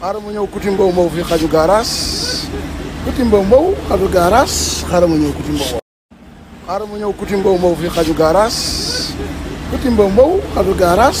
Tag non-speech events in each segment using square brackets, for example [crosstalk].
xaaral ma ñëw kuti mbow mbow fi xaju gaaraas kuti mbow mbow xaju gaaraas xaaral ma ñëw kuti mbow xaaral ma ñëw kuti mbow mbow fi xaju gaaraas kuti mbow mbow xaju gaaraas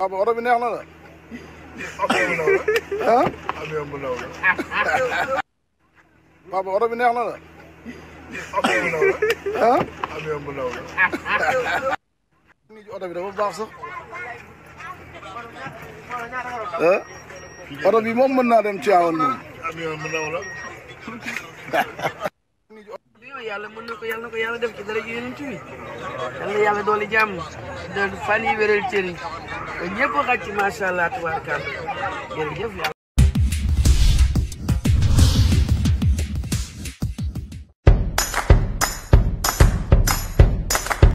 ah ba oto bi neex na la. [laughs] ah. avion bu ndaw la. ah ba oto bi neex na la. ah. avion bu ndaw la. nii oto bi dafa baax sax. ah. oto bi moom mën naa dem Thiawane moom. avion bu ndaw la. [laughs] yàlla mën na ko yàlla na ko yàlla def ci dara ji yonent bi yàlla yàlla dooli jàmm da fan yi wéral cër yi ba ñëpp xaj ci macha allah tubaarkàlla jërëjëf